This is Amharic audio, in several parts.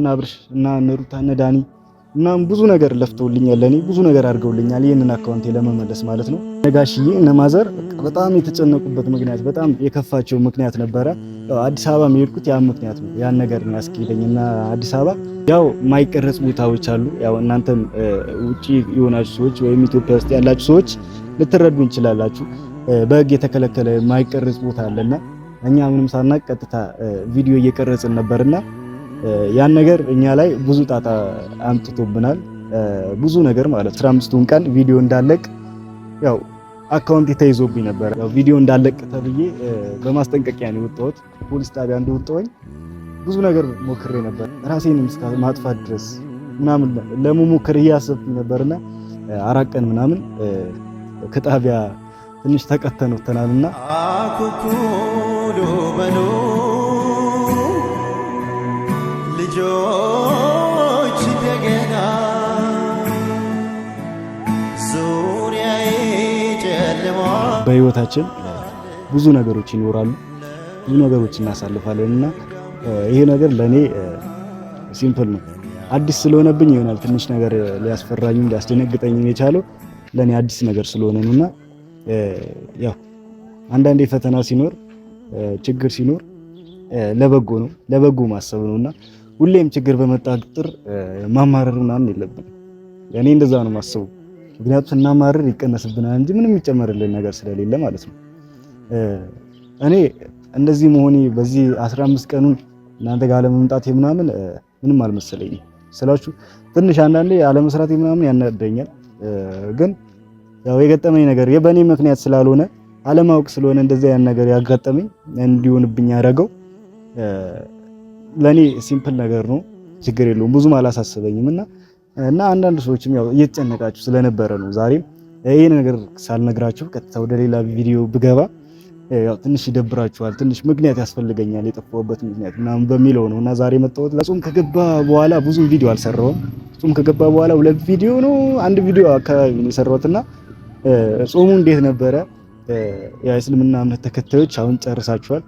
እና አብርሽ እና ነሩታ እና ዳኒ እናም ብዙ ነገር ለፍተውልኛል፣ ለኔ ብዙ ነገር አድርገውልኛል። ይህንን አካውንቴ ለመመለስ ማለት ነው። ነጋሽዬ እነ ማዘር በጣም የተጨነቁበት ምክንያት በጣም የከፋቸው ምክንያት ነበረ። አዲስ አበባ የሄድኩት ያ ምክንያት ነው። ያን ነገር ነው ያስኬደኝ እና አዲስ አበባ ያው የማይቀረጽ ቦታዎች አሉ። ያው እናንተም ውጪ የሆናችሁ ሰዎች ወይም ኢትዮጵያ ውስጥ ያላችሁ ሰዎች ልትረዱ እንችላላችሁ። በህግ የተከለከለ የማይቀረጽ ቦታ አለና እኛ ምንም ሳናቅ ቀጥታ ቪዲዮ እየቀረጽን ነበርና ያን ነገር እኛ ላይ ብዙ ጣጣ አምጥቶብናል። ብዙ ነገር ማለት አስራ አምስቱን ቀን ቪዲዮ እንዳለቅ ያው አካውንት ተይዞብኝ ነበር። ያው ቪዲዮ እንዳለቅ ተብዬ በማስጠንቀቂያ ነው የወጣሁት። ፖሊስ ጣቢያ እንደወጣሁኝ ብዙ ነገር ሞክሬ ነበር፣ ራሴንም እስከ ማጥፋት ድረስ ምናምን ለመሞከር እያሰብኩኝ ነበርና አራት ቀን ምናምን ከጣቢያ ትንሽ ተቀተን ወተናልና አኩኩዶ በኖ ልጆች እንደገና በህይወታችን ብዙ ነገሮች ይኖራሉ፣ ብዙ ነገሮች እናሳልፋለን እና ይሄ ነገር ለእኔ ሲምፕል ነው። አዲስ ስለሆነብኝ ይሆናል ትንሽ ነገር ሊያስፈራኝም ሊያስደነግጠኝም የቻለው ለእኔ አዲስ ነገር ስለሆነ ነው እና ያው አንዳንዴ ፈተና ሲኖር ችግር ሲኖር ለበጎ ነው ለበጎ ማሰብ ነውና ሁሌም ችግር በመጣ ቁጥር ማማረር ምናምን የለብን። እኔ እንደዛ ነው የማስበው። ምክንያቱም ስናማረር ይቀነስብናል እንጂ ምንም የሚጨመርልን ነገር ስለሌለ ማለት ነው። እኔ እንደዚህ መሆኔ በዚህ 15 ቀኑን እናንተ ጋር ለመምጣት ምናምን ምንም አልመሰለኝም ስላችሁ ትንሽ አንዳንዴ አለመስራት ምናምን ያናደኛል። ግን ያው የገጠመኝ ነገር በእኔ ምክንያት ስላልሆነ አለማወቅ ስለሆነ እንደዚ ያን ነገር ያጋጠመኝ እንዲሆንብኝ ያደረገው ለእኔ ሲምፕል ነገር ነው፣ ችግር የለውም ብዙም አላሳስበኝም እና እና አንዳንድ ሰዎችም ያው እየተጨነቃችሁ ስለነበረ ነው ዛሬም ይህ ነገር ሳልነግራችሁ ቀጥታ ወደ ሌላ ቪዲዮ ብገባ ያው ትንሽ ይደብራችኋል። ትንሽ ምክንያት ያስፈልገኛል የጠፋሁበት ምክንያት ምናምን በሚለው ነው እና ዛሬ መጣሁት። ለጾም ከገባ በኋላ ብዙ ቪዲዮ አልሰራሁም። ጾም ከገባ በኋላ ሁለት ቪዲዮ ነው አንድ ቪዲዮ አካባቢ ነው የሰራሁት እና ጾሙ እንዴት ነበረ? የእስልምና እምነት ተከታዮች አሁን ጨርሳችኋል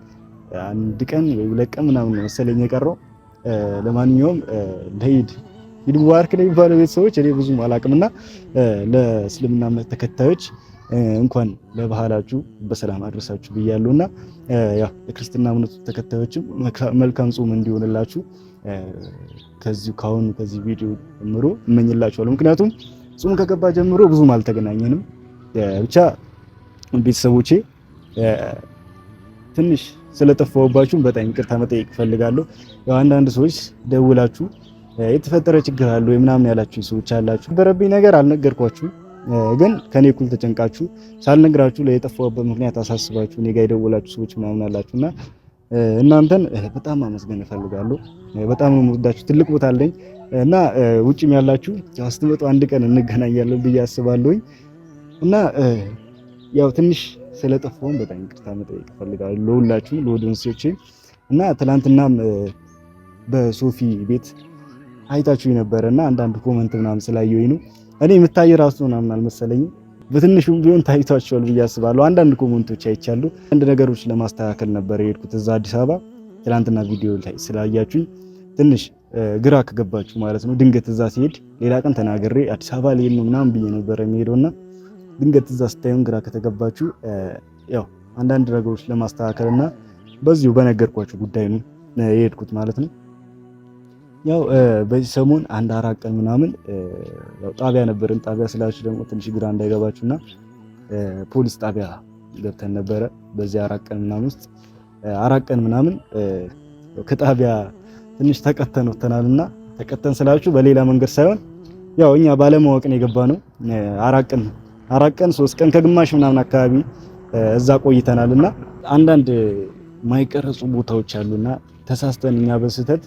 አንድ ቀን ወይ ሁለት ቀን ምናምን ነው መሰለኝ የቀረው። ለማንኛውም ለኢድ ኢድ ሙባረክ ነው የሚባለው ቤተሰቦች፣ እኔ ብዙም አላቅምና ለእስልምና እምነት ተከታዮች እንኳን ለባህላችሁ በሰላም አድረሳችሁ ብያለሁና ያው ለክርስትና እምነቱ ተከታዮችም መልካም ጾም እንዲሆንላችሁ ከዚሁ ካሁን ከዚህ ቪዲዮ ጀምሮ እመኝላችኋለሁ። ምክንያቱም ጾም ከገባ ጀምሮ ብዙም አልተገናኘንም። ብቻ ቤተሰቦቼ ትንሽ ስለጠፋሁባችሁም በጣም ይቅርታ መጠየቅ እፈልጋለሁ። አንዳንድ ሰዎች ደውላችሁ የተፈጠረ ችግር አለ ወይ ምናምን ያላችሁ ሰዎች አላችሁ። በረብኝ ነገር አልነገርኳችሁ፣ ግን ከኔ እኩል ተጨንቃችሁ ሳልነግራችሁ ለየጠፋሁበት ምክንያት አሳስባችሁ እኔ ጋር የደወላችሁ ሰዎች ምናምን እና እናንተን በጣም አመስገን እፈልጋለሁ። በጣም ነው የምወዳችሁ። ትልቅ ቦታ አለኝ እና ውጭም ያላችሁ ያው ስትመጡ አንድ ቀን እንገናኛለን ብዬ አስባለሁኝ እና ያው ትንሽ ስለጠፋውን በጣም ይቅርታ መጠየቅ እፈልጋለሁ ለሁላችሁ ለወደንሶቼ እና ትናንትናም በሶፊ ቤት አይታችሁ የነበረ እና አንዳንድ ኮመንት ምናምን ስላየሁኝ ነው። እኔ የምታየ ራሱ ምናምን አልመሰለኝም። በትንሹ ቢሆን ታይቷቸዋል ብዬ አስባለሁ። አንዳንድ ኮመንቶች አይቻሉ። አንድ ነገሮች ለማስተካከል ነበር የሄድኩት እዛ አዲስ አበባ። ትላንትና ቪዲዮ ላይ ስላያችሁኝ ትንሽ ግራ ከገባችሁ ማለት ነው። ድንገት እዛ ሲሄድ ሌላ ቀን ተናግሬ አዲስ አበባ ልሄድ ነው ምናምን ብዬ ነበረ የሚሄደውና ድንገት እዛ ስታዩን ግራ ከተገባችሁ ያው አንዳንድ ነገሮች ለማስተካከል እና በዚሁ በነገርኳችሁ ጉዳይ የሄድኩት ማለት ነው። ያው በዚህ ሰሞን አንድ አራት ቀን ምናምን ያው ጣቢያ ነበርን። ጣቢያ ስላችሁ ደግሞ ትንሽ ግራ እንዳይገባችሁና ፖሊስ ጣቢያ ገብተን ነበረ። በዚህ አራት ቀን ምናምን ውስጥ አራት ቀን ምናምን ከጣቢያ ትንሽ ተቀተን ወተናልና ተቀተን ስላችሁ በሌላ መንገድ ሳይሆን ያው እኛ ባለማወቅን የገባ ነው። አራት ቀን አራት ቀን ሶስት ቀን ከግማሽ ምናምን አካባቢ እዛ ቆይተናል እና አንዳንድ ማይቀረጹ ቦታዎች አሉና ተሳስተን እኛ በስህተት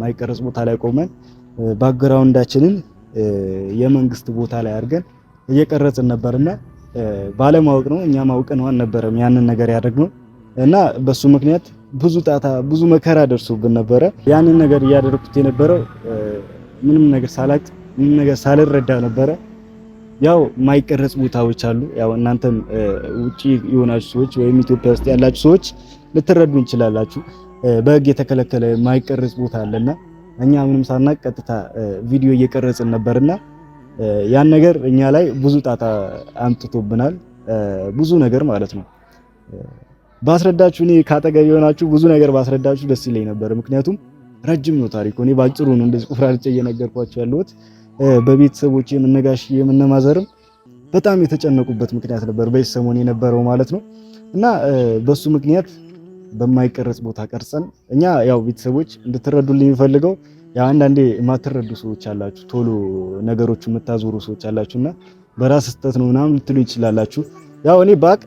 ማይቀረጽ ቦታ ላይ ቆመን ባክግራውንዳችንን የመንግስት ቦታ ላይ አድርገን እየቀረጽን ነበርና ባለማወቅ ነው እኛም አውቀን አልነበረም ያንን ነገር ያደረግነው እና በሱ ምክንያት ብዙ ጣታ ብዙ መከራ ደርሶብን ነበረ። ያንን ነገር እያደረኩት የነበረው ምንም ነገር ሳላቅ ምንም ነገር ሳልረዳ ነበረ። ያው የማይቀረጽ ቦታዎች አሉ። ያው እናንተም ውጪ የሆናችሁ ሰዎች ወይም ኢትዮጵያ ውስጥ ያላችሁ ሰዎች ልትረዱ እንችላላችሁ። በህግ የተከለከለ የማይቀረጽ ቦታ አለና እኛ ምንም ሳናቅ ቀጥታ ቪዲዮ እየቀረጽን ነበርና ያን ነገር እኛ ላይ ብዙ ጣጣ አምጥቶብናል። ብዙ ነገር ማለት ነው። ባስረዳችሁ እኔ ካጠገብ የሆናችሁ ብዙ ነገር ባስረዳችሁ ደስ ይለኝ ነበር። ምክንያቱም ረጅም ነው ታሪኩ። እኔ ባጭሩ ነው እንደዚህ ቁራርጬ እየነገርኳችሁ ያለሁት። በቤተሰቦች የምነጋሽ የምነማዘርም በጣም የተጨነቁበት ምክንያት ነበር በዚህ ሰሞን የነበረው ማለት ነው። እና በሱ ምክንያት በማይቀረጽ ቦታ ቀርጸን እኛ ያው ቤተሰቦች እንድትረዱልኝ የሚፈልገው አንዳንዴ የማትረዱ ሰዎች አላችሁ፣ ቶሎ ነገሮች የምታዞሩ ሰዎች እና በራስ ስህተት ነው ምናምን ልትሉ ይችላላችሁ። ያው እኔ ባቅ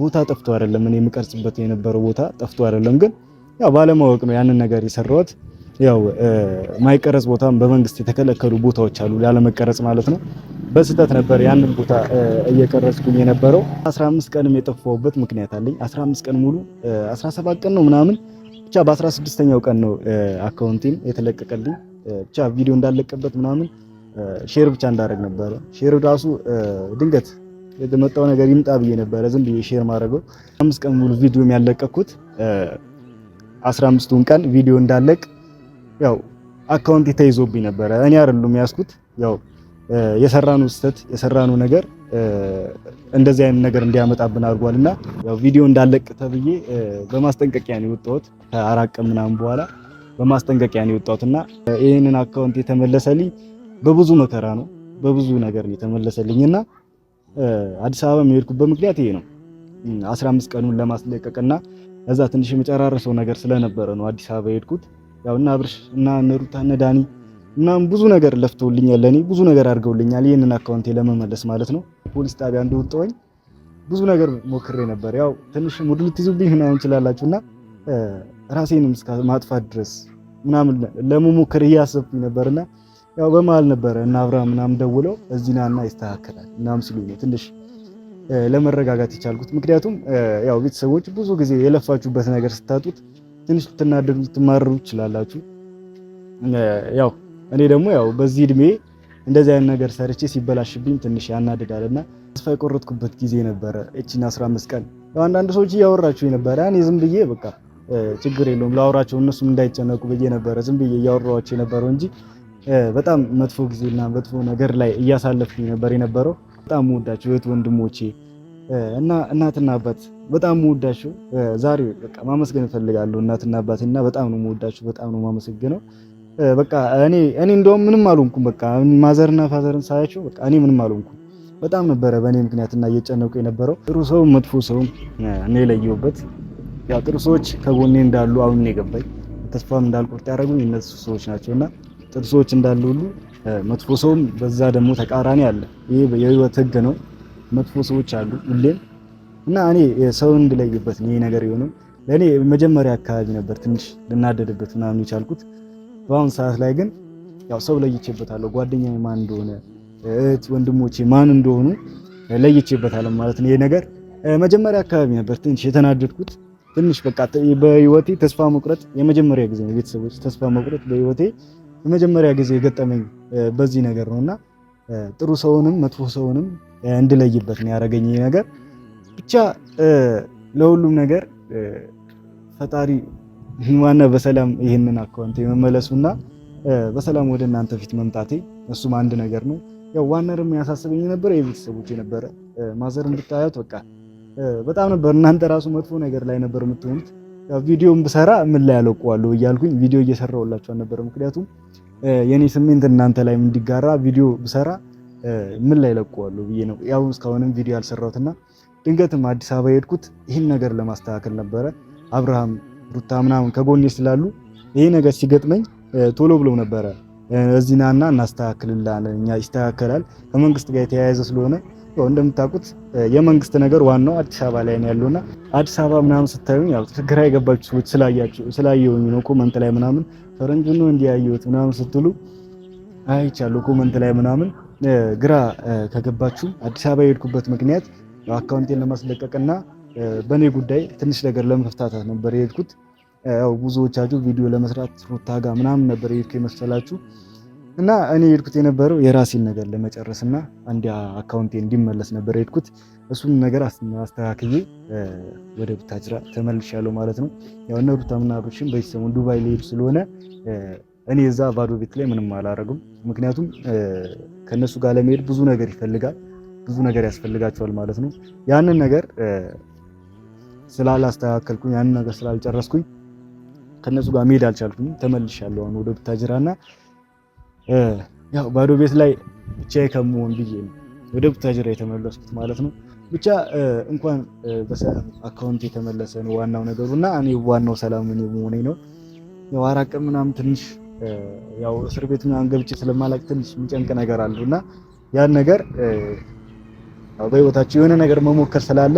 ቦታ ጠፍቶ አይደለም እኔ የምቀርጽበት የነበረው ቦታ ጠፍቶ አይደለም፣ ግን ያው ባለማወቅ ነው ያንን ነገር የሰራሁት። ያው ማይቀረጽ ቦታም በመንግስት የተከለከሉ ቦታዎች አሉ፣ ላለመቀረጽ ማለት ነው። በስህተት ነበር ያንን ቦታ እየቀረጽኩኝ የነበረው። 15 ቀንም የጠፋሁበት ምክንያት አለኝ። 15 ቀን ሙሉ 17 ቀን ነው ምናምን ብቻ በ16ኛው ቀን ነው አካውንቴን የተለቀቀልኝ። ብቻ ቪዲዮ እንዳለቀበት ምናምን ሼር ብቻ እንዳደረግ ነበረ። ሼር ራሱ ድንገት የመጣው ነገር ይምጣ ብዬ ነበረ ዝም ብዬ ሼር ማድረገው። 15 ቀን ሙሉ ቪዲዮ ያለቀኩት 15ቱን ቀን ቪዲዮ እንዳለቅ ያው አካውንት ተይዞብኝ ነበረ። እኔ አይደሉም ያስኩት። ያው የሰራኑ ስህተት የሰራኑ ነገር እንደዚህ አይነት ነገር እንዲያመጣብን አድርጓልና ያው ቪዲዮ እንዳለቅ ተብዬ በማስጠንቀቂያ ነው የወጣሁት። ከአራት ቀን ምናምን በኋላ በማስጠንቀቂያ ነው የወጣሁትና ይህንን አካውንት የተመለሰልኝ በብዙ መከራ ነው፣ በብዙ ነገር ነው የተመለሰልኝና አዲስ አበባ የሚሄድኩበት ምክንያት ይሄ ነው። 15 ቀኑን ለማስለቀቅና እዛ ትንሽ የመጨራረሰው ነገር ስለነበረ ነው አዲስ አበባ የሄድኩት። ያው እና አብርሽ እና ነሩታ እና ዳኒ እናም ብዙ ነገር ለፍተውልኛል፣ ለኔ ብዙ ነገር አድርገውልኛል። ይህንን አካውንቴ ለመመለስ ማለት ነው። ፖሊስ ጣቢያ እንደወጣሁኝ ብዙ ነገር ሞክሬ ነበር። ያው ትንሽ ሙድ ልትይዙብኝ ምናምን እንችላላችሁና ራሴንም እስከ ማጥፋት ድረስ ምናምን ለመሞከር እያሰብኩኝ ነበርና ያው በመሀል ነበረ እና አብርሃም ምናምን ደውለው እዚህ ና እና ይስተካከላል ምናምን ሲሉኝ ነው ትንሽ ለመረጋጋት የቻልኩት። ምክንያቱም ያው ቤተሰቦች ብዙ ጊዜ የለፋችሁበት ነገር ስታጡት ትንሽ ልትናደዱ ልትማረሩ ትችላላችሁ። ያው እኔ ደግሞ ያው በዚህ እድሜ እንደዚህ አይነት ነገር ሰርቼ ሲበላሽብኝ ትንሽ ያናድዳልና ተስፋ የቆረጥኩበት ጊዜ ነበረ። እቺን 15 ቀን አንዳንድ ሰዎች እያወራችሁ ነበረ። እኔ ዝም ብዬ በቃ ችግር የለውም ላወራቸው እነሱም እንዳይጨነቁ ብዬ ነበረ ዝም ብዬ እያወራኋቸው የነበረው እንጂ በጣም መጥፎ ጊዜና መጥፎ ነገር ላይ እያሳለፍኩኝ ነበር የነበረው። በጣም ወዳቸው እህት ወንድሞቼ እና እናትና አባት በጣም መወዳቸው ዛሬ በቃ ማመስገን እፈልጋለሁ። እናትና አባት እና በጣም ነው የምወዳቸው፣ በጣም ነው የማመሰግነው። በቃ እኔ እኔ እንደውም ምንም አልሆንኩም። በቃ ማዘርና ፋዘርን ሳያቸው በቃ እኔ ምንም አልሆንኩም። በጣም ነበረ በእኔ ምክንያት እና እየጨነቁ የነበረው ጥሩ ሰው መጥፎ ሰውም እኔ የለየሁበት ያው ጥሩ ሰዎች ከጎኔ እንዳሉ አሁን የገባኝ ተስፋም እንዳልቆርጥ ያደረጉኝ እነሱ ሰዎች ናቸውና ጥሩ ሰዎች እንዳሉ ሁሉ መጥፎ ሰውም በዛ ደግሞ ተቃራኒ አለ። ይሄ የህይወት ህግ ነው። መጥፎ ሰዎች አሉ ሁሌም እና እኔ ሰው እንድለይበት ነው ይሄ ነገር የሆነው። ለእኔ መጀመሪያ አካባቢ ነበር ትንሽ ልናደድበት ምናምን የቻልኩት። በአሁን ሰዓት ላይ ግን ያው ሰው ለይቼበታለሁ። ጓደኛ ማን እንደሆነ እህት ወንድሞቼ ማን እንደሆኑ ለይቼበታለሁ ማለት ነው። ይሄ ነገር መጀመሪያ አካባቢ ነበር ትንሽ የተናደድኩት። ትንሽ በቃ በህይወቴ ተስፋ መቁረጥ የመጀመሪያ ጊዜ ነው። ቤተሰቦች ተስፋ መቁረጥ በህይወቴ የመጀመሪያ ጊዜ የገጠመኝ በዚህ ነገር ነውና ጥሩ ሰውንም መጥፎ ሰውንም እንድለይበት ነው ያደረገኝ ነገር። ብቻ ለሁሉም ነገር ፈጣሪ ዋና በሰላም ይህንን አካውንት የመመለሱና በሰላም ወደ እናንተ ፊት መምጣቴ እሱም አንድ ነገር ነው። ያው ዋነር የሚያሳስበኝ የነበረ የቤተሰቦች የነበረ ማዘር እንድታያት በቃ በጣም ነበር። እናንተ ራሱ መጥፎ ነገር ላይ ነበር የምትሆኑት። ቪዲዮም ብሰራ ምን ላይ ያለቁዋለሁ እያልኩኝ ቪዲዮ እየሰራሁላችሁ ነበረ ምክንያቱም የኔ ስሜንት እናንተ ላይም እንዲጋራ ቪዲዮ ብሰራ ምን ላይ ለቀዋለሁ ብዬ ነው። ያው እስካሁንም ቪዲዮ ያልሰራሁትና ድንገትም አዲስ አበባ የሄድኩት ይህን ነገር ለማስተካከል ነበረ። አብርሃም ሩታ ምናምን ከጎኔ ስላሉ ይሄ ነገር ሲገጥመኝ ቶሎ ብለው ነበረ እዚህ ናና እናስተካክልላለን፣ እኛ ይስተካከላል ከመንግስት ጋር የተያያዘ ስለሆነ እንደምታውቁት የመንግስት ነገር ዋናው አዲስ አበባ ላይ ነው ያለውና አዲስ አበባ ምናምን ስታዩ ያው ግራ የገባችሁ ሰዎች ስላያችሁ ስላየሁኝ ነው ኮመንት ላይ ምናምን ፈረንጅ ነው እንዲያየሁት ምናምን ስትሉ አይቻለሁ ኮመንት ላይ ምናምን ግራ ከገባችሁ አዲስ አበባ የሄድኩበት ምክንያት አካውንቴን ለማስለቀቅና በእኔ ጉዳይ ትንሽ ነገር ለመፍታታት ነበር የሄድኩት። ያው ብዙዎቻችሁ ቪዲዮ ለመስራት ሩታ ጋር ምናምን ነበር የሄድኩ የመሰላችሁ እና እኔ የሄድኩት የነበረው የራሴን ነገር ለመጨረስ እና አንድ አካውንቴ እንዲመለስ ነበር የሄድኩት። እሱን ነገር አስተካክዬ ወደ ቡታጅራ ተመልሻለሁ ማለት ነው። ያው እነ ሩታ ምናሮችን ዱባይ ሊሄዱ ስለሆነ እኔ እዛ ባዶ ቤት ላይ ምንም አላረግም። ምክንያቱም ከእነሱ ጋር ለመሄድ ብዙ ነገር ይፈልጋል፣ ብዙ ነገር ያስፈልጋቸዋል ማለት ነው። ያንን ነገር ስላላስተካከልኩኝ፣ ያንን ነገር ስላልጨረስኩኝ ከእነሱ ጋር መሄድ አልቻልኩኝ። ተመልሻለሁ አሁን ወደ ቡታጅራ እና ያው ባዶ ቤት ላይ ብቻዬ ከመሆን ብዬ ነው ወደ ቡታጅራ የተመለስኩት ማለት ነው። ብቻ እንኳን በሰላም አካውንት የተመለሰ ነው ዋናው ነገሩ እና እኔ ዋናው ሰላም እኔ መሆኔ ነው። ያው አራት ምናምን ትንሽ ያው እስር ቤት ምናምን ገብቼ ስለማላቅ ትንሽ የሚጨንቅ ነገር አለው እና ያን ነገር በህይወታቸው የሆነ ነገር መሞከር ስላለ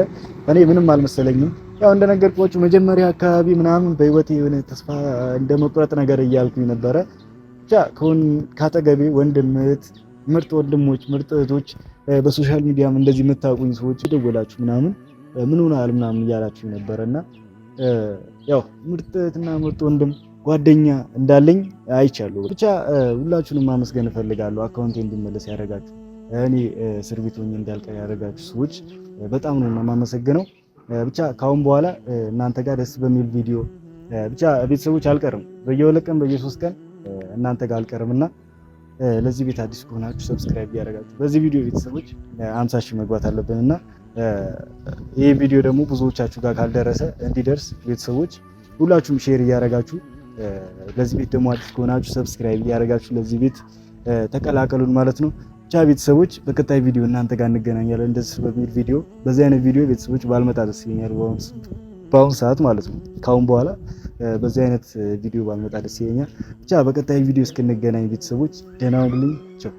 እኔ ምንም አልመሰለኝም። ያው እንደነገርኳችሁ መጀመሪያ አካባቢ ምናምን በህይወቴ የሆነ ተስፋ እንደመቁረጥ ነገር እያልኩኝ ነበረ። ብቻ ካጠገቤ ወንድም ምርጥ ወንድሞች ምርጥ እህቶች በሶሻል ሚዲያም እንደዚህ የምታውቁኝ ሰዎች ደወላችሁ ምናምን ምን ሆናል ምናምን እያላችሁ ነበረ እና ያው ምርጥ እህትና ምርጥ ወንድም ጓደኛ እንዳለኝ አይቻሉ። ብቻ ሁላችሁንም ማመስገን እፈልጋለሁ። አካውንቴ እንዲመለስ ያደረጋችሁ እኔ እስር ቤት ሆኜ እንዳልቀር ያደረጋችሁ ሰዎች በጣም ነው የማመሰግነው። ብቻ ከአሁን በኋላ እናንተ ጋር ደስ በሚል ቪዲዮ ብቻ ቤተሰቦች አልቀርም። በየሁለት ቀን በየሶስት ቀን እናንተ ጋር አልቀርም እና ለዚህ ቤት አዲስ ከሆናችሁ ሰብስክራይብ እያደረጋችሁ በዚህ ቪዲዮ ቤተሰቦች አምሳ ሺህ መግባት አለብን እና ይህ ቪዲዮ ደግሞ ብዙዎቻችሁ ጋር ካልደረሰ እንዲደርስ ቤተሰቦች ሁላችሁም ሼር እያደረጋችሁ ለዚህ ቤት ደግሞ አዲስ ከሆናችሁ ሰብስክራይብ እያደረጋችሁ ለዚህ ቤት ተቀላቀሉን ማለት ነው። ብቻ ቤተሰቦች በቀጣይ ቪዲዮ እናንተ ጋር እንገናኛለን። እንደዚህ በሚል ቪዲዮ በዚህ አይነት ቪዲዮ ቤተሰቦች ባልመጣ ደስ ይለኛል፣ በአሁኑ ሰዓት ማለት ነው። ከአሁን በኋላ በዚህ አይነት ቪዲዮ ባልመጣ ደስ ይለኛል። ብቻ በቀጣይ ቪዲዮ እስክንገናኝ ቤተሰቦች ደህና ሁኑልኝ። ቻው